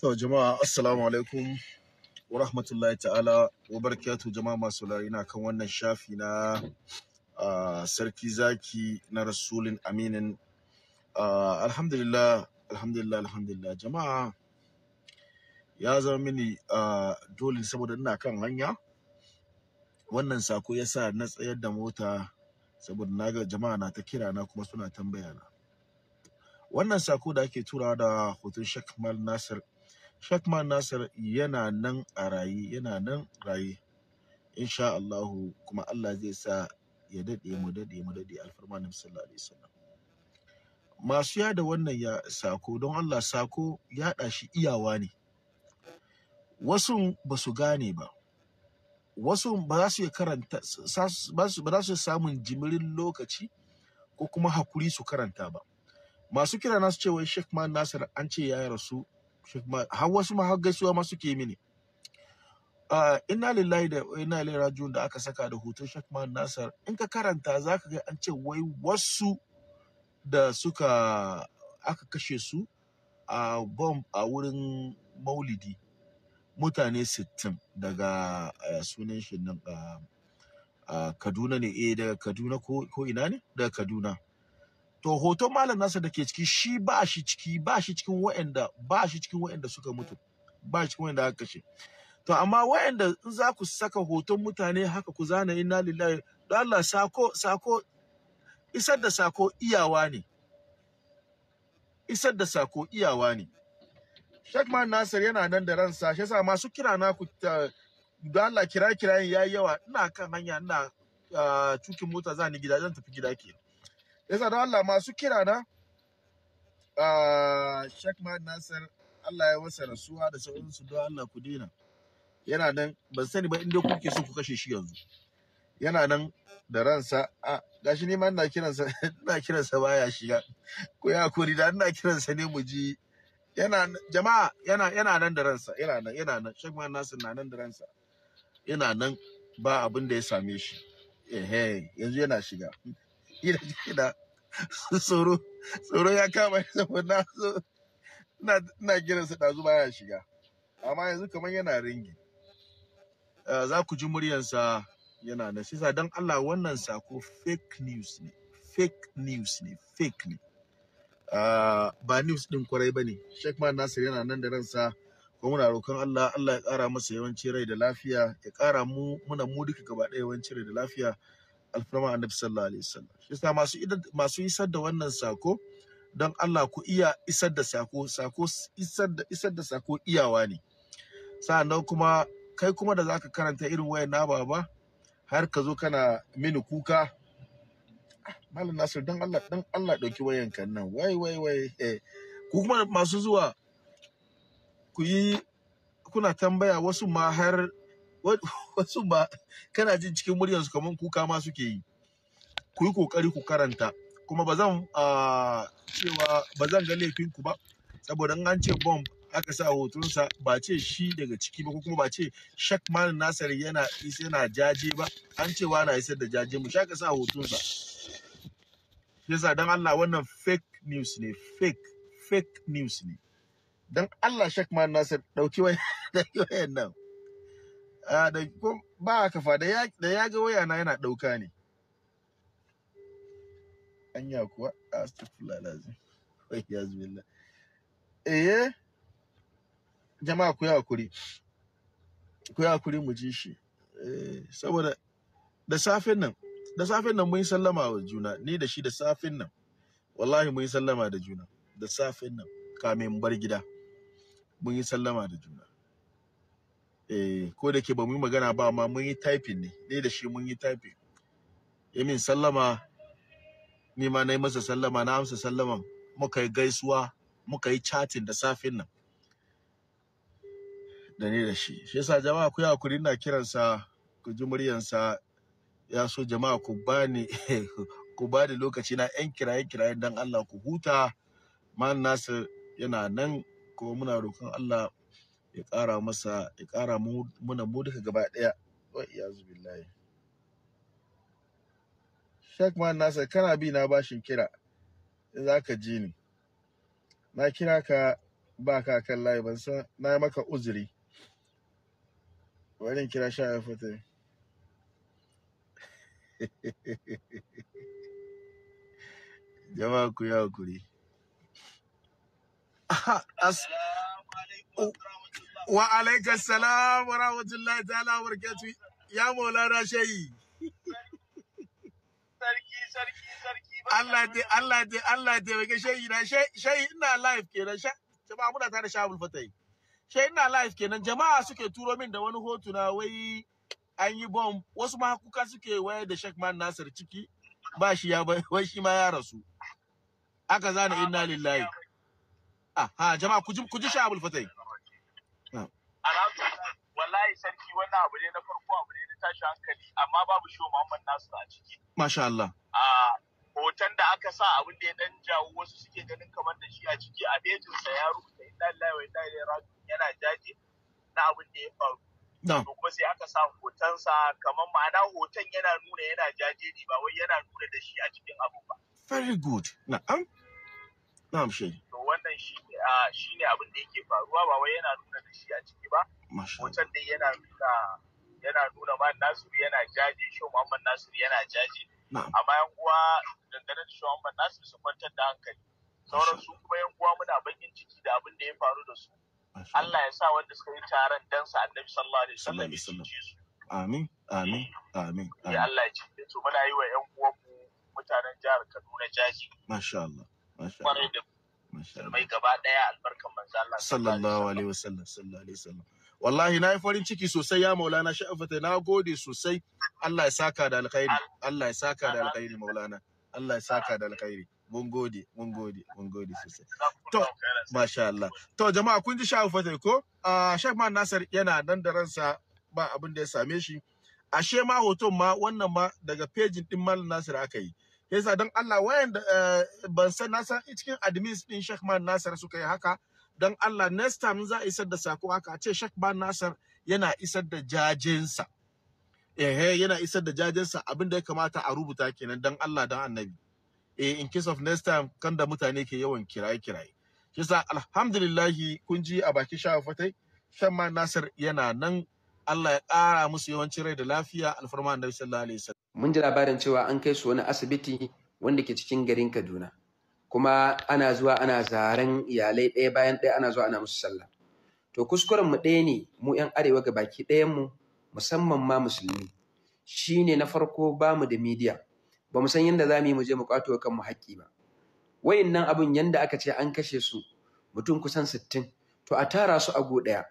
To jama'a assalamu alaikum wa rahmatullahi ta'ala wa barakatu jama'a masu na kan wannan shafi na sarki zaki na rasulin aminin alhamdulillah alhamdulillah alhamdulillah jama'a ya zama mini uh, dole saboda ina kan hanya wannan sako ya sa na tsayar da mota saboda na ga jama'a na ta kira na kuma suna tambaya na wannan sako da ake turawa da hoton Sheikh Nasir Sheikh Nasir yana nan a raye yana nan raye insha allahu kuma Allah zai sa ya dade mu dade mu dade alfarma nabi sallallahu alaihi wasallam masu yada wannan ya sako don Allah sako yaɗa shi iyawa ne wasu ba su gane ba wasu ba za su karanta ba za su samun jimirin lokaci ko kuma hakuri su karanta ba masu kira na su ce wai Sheikh Man Nasir an ce ya rasu Sheikh Man har wasu ma har gaisuwa ma suke mini uh, inna lillahi da inna ilaihi rajiun da aka saka da hoton Sheikh Man Nasir in ka karanta zaka ga an ce wai wasu da suka aka kashe su a bomb a wurin Maulidi mutane 60 daga eh, sunan shi nan ah, ah, Kaduna ne eh daga Kaduna ko ina ne daga Kaduna to hoton malam nasa da ke ciki shi ba shi ciki ba shi cikin wa'anda ba shi cikin wa'anda suka mutu ba shi cikin wa'anda aka kashe to amma wa'anda in za ku saka hoton mutane haka ku zana inna lillahi don Allah sako sako isar da sako iyawa ne isar da sako iyawa ne Sheikh Man Nasir yana nan da ransa shi yasa masu kira na ku don Allah kira kirayen yayi yawa ina kan hanya ina ah, tukin mota ni gida zan tafi gida kenan yasa don Allah masu kira na ah, Sheikh Nasir Allah ya wasa rasuwa da sauransu don Allah ku dina yana nan ban sani ba inda kuke so ku kashe shi yanzu yana nan da ransa a gashi ma ina kiransa ina kiransa baya shiga ko ya kori da ina kiransa ne mu yana jama'a yana yana nan da ransa yana yana nan Sheikh Nasir na ransa yana nan ba abin da same shi ehe yanzu yana shiga ina tsoro tsoro ya kama saboda na na kiran sa dazu baya shiga amma yanzu kamar yana ringi eh, za ku ji muryansa yana na shi don Allah wannan sako fake news ne fake news ne fake ne ah, ba news ɗin kwarai ba ne Sheikh Man Nasir yana nan da ransa kuma muna roƙon Allah Allah ya ƙara masa yawanci rai da lafiya ya ƙara mu muna mu duka gaba ɗaya yawanci rai da lafiya alfarma annabi sallallahu alaihi wasallam shi yasa masu masu isar da wannan sako don Allah ku iya isar da sako sako isar da isar da sako iyawa ne sa'annan kuma kai kuma da zaka karanta irin wayan na baba har ka zo kana mini kuka Malam Nasir dan Allah dan Allah dauki wayanka nan wai wai wai eh. ku kuma masu zuwa ku yi kuna tambaya wasu ma har wasu ba kana jin cikin muryarsu kamar kuka ma suke yi ku yi kokari ku karanta kuma ba zan cewa ba zan ga laifinku ba saboda an ce bomb aka sa hotonsa ba ce shi daga ciki ba ko kuma ba ce shak malin nasir yana yana jaje ba an cewa na isar da jaje mu shaka sa hotonsa yasa dan Allah wannan fake news ne fake fake news ne dan Allah shak malin nasir dauki wayan nan da ko ba haka fa da ya ga waya na yana ɗauka ne anya kuwa astaghfirullah lazim wai yazbillah eh jama'a ku yi hakuri ku yi hakuri mu ji shi eh, saboda da safin nan da safin nan mun sallama wa juna ni da shi da safin nan wallahi mun sallama da juna da safin nan kamin bar gida mun yi sallama da juna eh ko da ke ba mu yi magana ba ma mun yi taifin ne ne da shi mun yi taifin. ya min sallama ni ma na yi masa sallama na amsa sallaman muka yi gaisuwa muka yi chatting da safin nan da ne da shi shi yasa jama'a ku yi kuri na kiransa ku ji muryansa ya so jama'a ku bani ku bani lokaci na yan kiraye kiraye dan Allah ku huta man nasir yana nan kuma muna roƙon Allah ya ƙara masa ya ƙara muna mu duka gaba ɗaya wa iyazu billahi shek Man nasa kana bi na bashin kira za ka ji ni na kira ka ba ka kan layi ban san na maka uzuri Wani kira sha ya fita jama'a ku yi hakuri Aha, as, wa alaikar salam wa rahmatullahi ta'ala wa barakatu ya maulana shayi Allah dai Allah dai Allah dai bage shayi na shayi ina live kenan jama'a muna tare shabul fatai shayi ina live kenan jama'a suke turo min da wani hoto na wai an yi bomb wasu ma kuka suke wayar da Sheikh Man Nasir ciki ba shi ya wai shi ma ya rasu aka zana ah, inna lillahi aha ah, jama'a ku ji ku ji shabul fatai alhamdulillah wallahi sarki wannan abu ne na farko abu ne na tashi hankali amma babu shi Muhammad nasu a ciki masha Allah a hoton da aka sa abin da ya dan jawo wasu suke ganin kamar da shi a ciki a bejin sa ya rubuta inna lillahi wa inna ilaihi raji'un yana jaje na abin da ya faru to kuma sai aka sa hoton sa kamar ma'ana hoton yana nuna yana jaje ne ba wai yana nuna da shi a cikin abu ba very good na'am Na'am shi. To wannan shi ne shi ne abin da yake faruwa ba wai yana nuna da shi a ciki ba. Hoton dai yana nuna yana nuna ma Nasiru yana jaje shi Muhammad Nasiru yana jaje. Amma yan uwa dangane da shi Muhammad Nasiru su kwantar da hankali. Sauran su kuma yan uwa muna bakin ciki da abin da ya faru da su. Allah ya sa wanda suka yi taron dan sa Annabi sallallahu alaihi wasallam Amin, amin, amin. Ya Allah ya ci To muna yi wa yan mutanen jihar Kaduna jaji. Masha Allah. kwarai da mai gaba daya albarkan manzo Allah sallallahu alaihi wasallam sallallahu alaihi wasallam wallahi na yi farin ciki sosai ya maulana sha'afata na gode sosai Allah ya saka da alkhairi Allah ya saka da alkhairi maulana Allah ya saka da alkhairi mun gode mun gode mun gode sosai to masha Allah to jama'a kun ji sha'afata ko uh, Sheikh Man Nasir yana nan da ransa ba abin da ya same shi ashe ma hoton ma wannan ma daga pejin din Mal Nasir aka yi yasa don Allah wayanda eh, ban san nasa cikin admins din Sheikh Man Nasir suka yi haka don Allah next time za a isar da sako haka a ce Sheikh Man Nasir yana isar da jajinsa ehe yana isar da jajinsa abin da ya kamata a rubuta kenan don Allah don Annabi eh in case of next time kan da mutane ke yawan kiraye kiraye yasa alhamdulillah kun ji a baki fatai Sheikh Man Nasir yana nan Allah ya ƙara musu yawancin rai da lafiya alfarma Annabi sallallahu alaihi wasallam mun ji labarin cewa an kai su wani asibiti wanda ke cikin garin Kaduna kuma ana zuwa ana zaren iyalai ɗaya bayan ɗaya ana zuwa ana musu sallah to kuskuren mu ɗaya ne mu yan arewa ga baki ɗayan mu musamman ma musulmi shine na farko ba mu da media ba mu san yadda za mu yi mu je mu kwato kanmu haƙƙi ba wayannan abun yanda aka ce an kashe su mutum kusan sittin to a tara su go ɗaya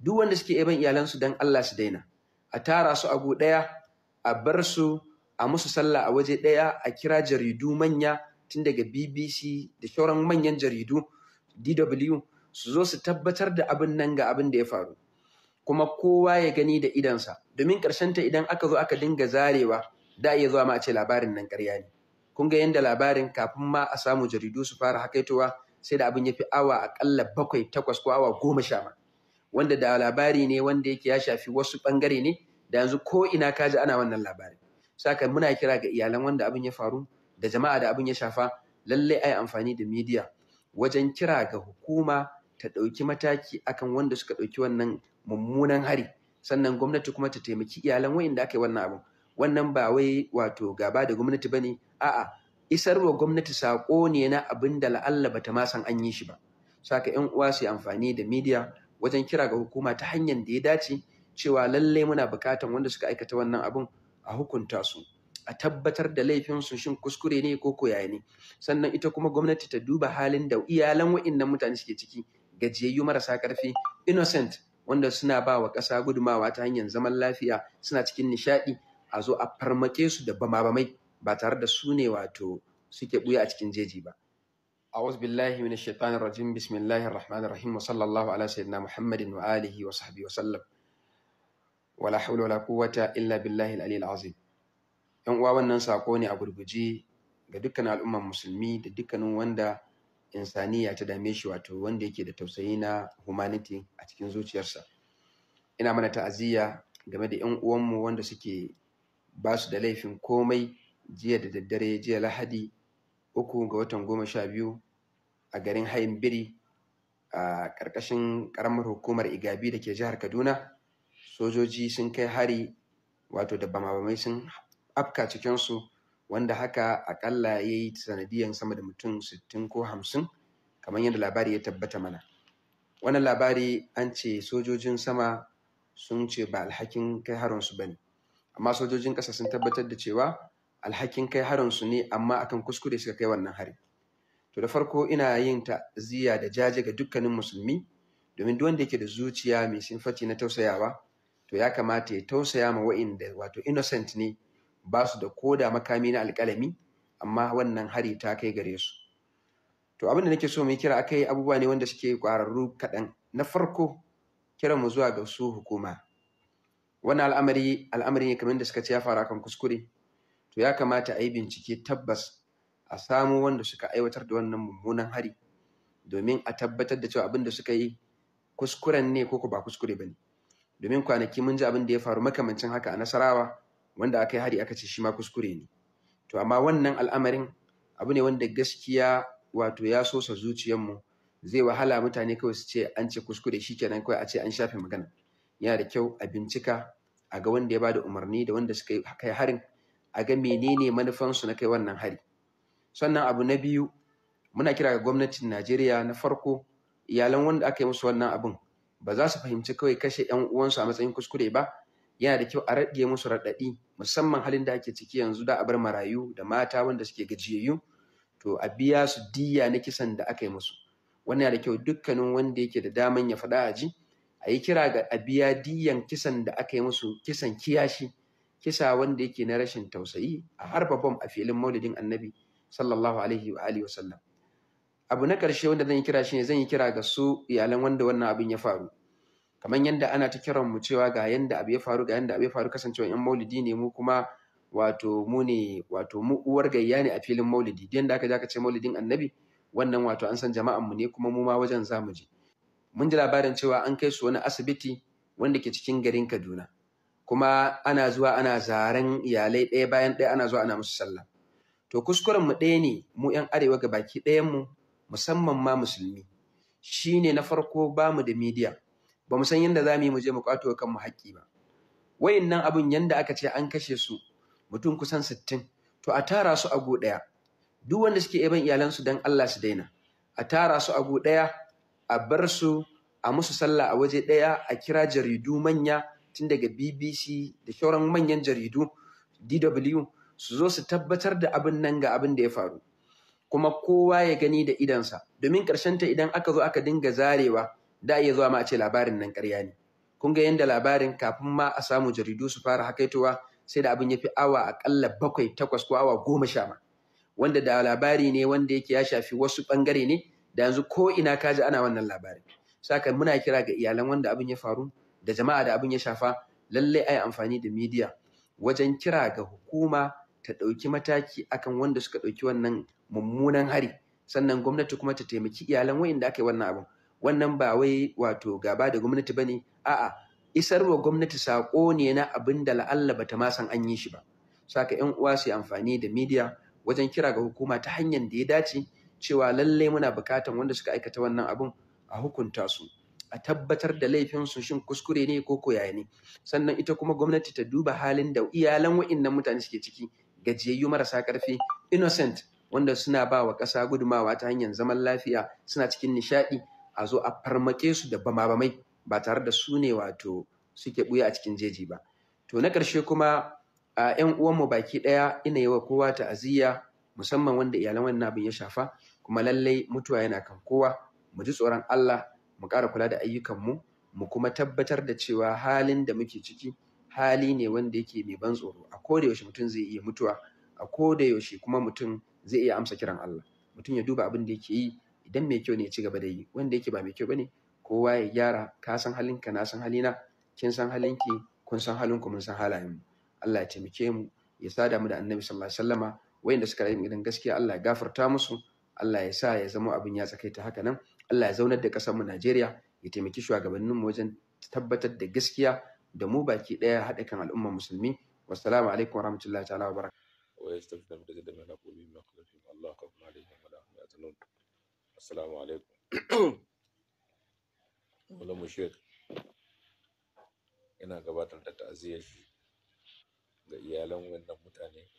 duk wanda suke ban iyalansu don Allah su daina a tara su agu ɗaya a bar su a musu sallah a waje ɗaya a kira jaridu manya tun daga bbc da shauran manyan jaridu dw su zo su tabbatar da abin nan ga abin da ya faru kuma kowa ya gani da idansa domin ta idan aka zo aka dinga zarewa da iya zuwa ma a ce labarin nan ƙarya ne kun ga yadda labarin kafin ma a samu jaridu su fara hakaitowa sai da abin ya fi awa aƙalla bakwai takwas ko awa goma sha ma wanda da labari ne wanda yake ya shafi wasu ɓangare ne da yanzu ko ina ka ji ana wannan labarin saka muna kira ga iyalan wanda abin ya faru da jama'a da abin ya shafa lallai ai amfani da media wajen kira ga hukuma ta ɗauki mataki akan wanda suka ɗauki wannan mummunan hari sannan gwamnati kuma ta taimaki iyalan wa'inda aka yi wannan abin wannan ba wai wato gaba da gwamnati bane a'a isar wa gwamnati sako ne na abin da la'alla bata ma san an yi shi ba saka yan uwa su yi amfani da media wajen kira ga hukuma ta hanyar da ya dace cewa lallai muna bukatan wanda suka aikata wannan abun a hukunta su a tabbatar da laifin laifinsu shin kuskure ne ko koya ne sannan ita kuma gwamnati ta duba halin da iyalan wa'innan mutane suke ciki gajiyayyu marasa karfi innocent wanda suna ba wa ƙasa gudumawa ta hanyar zaman lafiya suna cikin nishaɗi a zo a farmake su da bamabamai ba tare da su ne wato suke ɓuya a cikin jeji ba أعوذ بالله من الشيطان الرجيم بسم الله الرحمن الرحيم وصلى الله على سيدنا محمد وآله وصحبه وسلم wala haula wala quwwata illa billahi al-aliyyil azim yan uwa wannan sako ne a gurguje ga dukkan al'ummar musulmi da dukkanin wanda insaniya ta dame shi wato wanda yake da tausayi na humanity a cikin zuciyarsa ina mana ta'aziyya game da yan uwanmu wanda suke ba su da laifin komai jiya da daddare jiya lahadi uku ga watan goma sha biyu a garin hayin biri a ƙarƙashin ƙaramar hukumar igabi da ke jihar kaduna sojoji sun kai hari wato da bamabamai sun afka cikinsu wanda haka akalla ya yi sanadiyan sama da mutum 60 ko 50 kamar yadda labari ya tabbata mana wannan labari an ce sojojin sama sun ce ba alhakin kai haronsu ba ne amma sojojin ƙasa sun tabbatar da cewa alhakin kai haronsu ne amma akan kuskure suka kai wannan hari to da farko ina yin ta'aziyya da jaje ga dukkanin musulmi domin duk wanda yake da zuciya mai sinfaci na tausayawa to ya kamata ya tausaya ma wa'inda wato innocent ne ba su da koda makami na alƙalami amma wannan hari ta kai gare su to abin da nake so mu kira akai abubuwa ne wanda suke ƙwararru kaɗan na farko kiran mu zuwa ga su hukuma wannan al'amari al'amari ne kamar da suka ce ya fara kan kuskure to ya kamata a yi bincike tabbas a samu wanda suka aiwatar da wannan mummunan hari domin a tabbatar da cewa abin da suka yi kuskuren ne ko ba kuskure ba ne domin kwanaki mun ji abin da ya faru makamancin haka a nasarawa wanda aka yi hari aka ce shi ma kuskure ne to amma wannan al'amarin abu ne wanda gaskiya wato ya sosa zuciyarmu zai wahala mutane kawai su ce an ce kuskure shi kenan kawai a ce an shafe magana yana da kyau a bincika a ga wanda ya bada umarni da wanda suka kai harin a ga menene manufansu na kai wannan hari sannan abu na biyu muna kira ga gwamnatin najeriya na farko iyalan wanda aka yi musu wannan abin ba za su fahimci kawai kashe yan uwansu a matsayin kuskure ba yana da kyau a rage musu raɗaɗi musamman halin da ake ciki yanzu da a bar marayu da mata wanda suke gajiyayyu to a biya su diya na kisan da aka yi musu wannan yana da kyau dukkanin wanda yake da daman ya faɗa a ji a yi kira ga a biya diyan kisan da aka yi musu kisan kiyashi kisa wanda yake na rashin tausayi a harba bom a filin maulidin annabi sallallahu alaihi wa alihi wasallam abu na ƙarshe wanda zan yi kira shi ne zan yi kira ga su iyalan wanda wannan abin ya faru kamar yadda ana ta kiran mu cewa ga yadda abu ya faru ga yadda abu ya faru kasancewa yan maulidi ne mu kuma wato mu ne wato mu uwar gayya ne a filin maulidi duk yadda aka je aka ce maulidin annabi wannan wato an san jama'an mu ne kuma mu ma wajen zamu je mun ji labarin cewa an kai su wani asibiti wanda ke cikin garin Kaduna kuma ana zuwa ana zaren iyalai ɗaya bayan ɗaya ana zuwa ana musu sallah to kuskuren mu ɗaya ne mu yan arewa ga baki ɗayan mu musamman ma musulmi shine na farko bamu da media ba mu san yadda za mu yi mu je mu kwato kanmu haƙƙi ba wayannan abun yanda aka ce an kashe su mutum kusan sittin to a tara su a go ɗaya duk wanda suke iban su dan Allah su daina a tara su a go ɗaya a bar su a musu sallah a waje ɗaya a kira jaridu manya tun daga BBC da shauran manyan jaridu DW su zo su tabbatar da abin nan ga abin da ya faru kuma kowa ya gani da idansa domin ta idan aka zo aka dinga zarewa da iya zuwa ma a ce labarin nan ƙarya ne kun ga yadda labarin kafin ma a samu jaridu su fara hakaitowa sai da abin ya fi awa aƙalla bakwai takwas ko awa goma sha ma wanda da labari ne wanda yake ya shafi wasu ɓangare ne da yanzu ko ina ka ji ana wannan labarin saka muna kira ga iyalan wanda abin ya faru da jama'a da abin ya shafa lallai a yi amfani da midiya wajen kira ga hukuma ta ɗauki mataki akan wanda suka ɗauki wannan mummunan hari sannan gwamnati kuma ta taimaki iyalan da aka yi wannan abun wannan ba wai wato gaba da gwamnati bane a'a isarwa gwamnati sako ne na abin da la'alla bata ma san an yi shi ba saka yan uwa su amfani da media wajen kira ga hukuma ta hanyar da ya dace cewa lallai muna bukatan wanda suka aikata wannan abun a hukunta su a tabbatar da laifin su shin kuskure ne ko koyaya ne sannan ita kuma gwamnati ta duba halin da iyalan wa'innan mutane suke ciki gajiyayyu marasa ƙarfi innocent wanda suna ba wa ƙasa gudumawa ta hanyar zaman lafiya suna cikin nishaɗi a zo a farmake su da bama-bamai ba tare da su ne wato suke ɓuya a cikin jeji ba to na ƙarshe kuma a 'yan uwanmu baki ɗaya ina yi wa kowa ta'aziyya musamman wanda iyalan wannan abin ya shafa kuma lallai mutuwa yana kan kowa mu ji tsoron Allah mu ƙara kula da ayyukanmu mu kuma tabbatar da cewa halin da muke ciki hali ne wanda yake mai ban tsoro a koda yaushe mutum zai iya mutuwa a koda yaushe kuma mutum zai iya amsa kiran Allah mutum ya duba abin da yake yi idan mai kyau ne ya ci gaba da yi wanda yake ba mai kyau bane kowa ya gyara ka san halinka na san halina kin san halinki kun san halinku mun san halayenmu Allah ya taimake mu ya sada mu da Annabi sallallahu alaihi wasallama wayanda suka rayu idan gaskiya Allah ya gafarta musu Allah ya sa ya zama abin ya tsakaita haka nan Allah ya zaunar da kasar mu Najeriya ya taimaki mu wajen tabbatar da gaskiya da mu baki ɗaya haɗe kan al'ummar musulmi wassalamu alaikum warahmatullahi ta'ala wa barakatuh ويستبدل بجد من أقول ina gabatar da ta'aziyar ga iyalan wannan mutane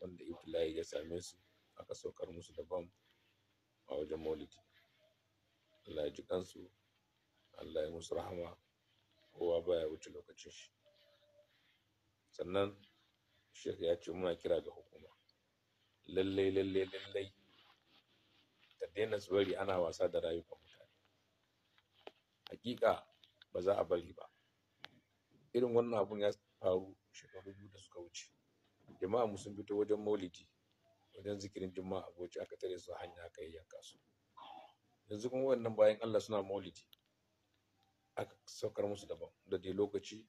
wanda ibtila'i ya same su aka saukar musu da bam a wajen maulidi Allah ya ji kansu Allah ya musu rahama kowa baya wuce lokacin shi sannan shek ya ce muna kira ga hukuma lallai lallai lallai ta daina bari ana wasa da rayukan mutane hakika ba za a bari ba irin wannan abun ya faru shekaru biyu da suka wuce jama'a mu sun fito wajen maulidi wajen zikirin juma'a abuci aka tare su hanya aka yi yanka su yanzu kuma wannan bayan allah suna maulidi aka saukar musu daban da dai lokaci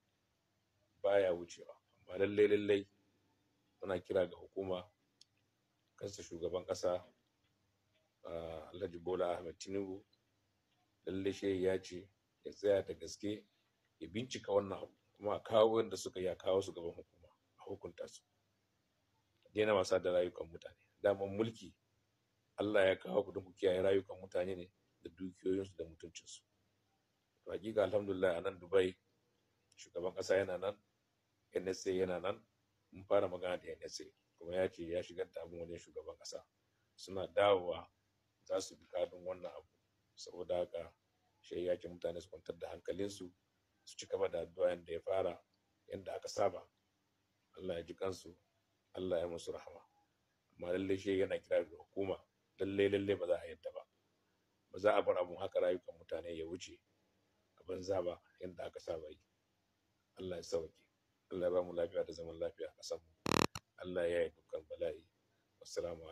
baya wucewa amma lallai lallai muna kira ga hukuma kansa shugaban ƙasa alhaji bola ahmed tinubu lallai shi ya ce ya tsaya da gaske ya bincika wannan abu kuma a kawo wanda suka ya kawo su gaban hukuma a hukunta su daina wasa da rayukan mutane daman mulki Allah ya kawo ku don ku kiyaye rayukan mutane ne da dukiyoyinsu da mutuncinsu hakika alhamdulillah a nan dubai shugaban kasa yana nan nsa yana nan mun fara magana da nsa kuma ya ce ya shigar da abin wajen shugaban ƙasa suna dawowa za su bi kadin wannan abu saboda haka shi ya ce mutane su kwantar da hankalinsu su ci gaba da addu'a yadda ya fara yadda aka saba allah ya ji kansu allah ya musu rahama amma lallai shi yana kira da hukuma lallai lallai ba za a yadda ba ba za a bar abun haka rayukan mutane ya wuce banza ba yadda aka saba yi Allah ya sauke Allah ya ba mu lafiya da zaman lafiya a ƙasar mu Allah ya yi dukkan bala'i wassalamu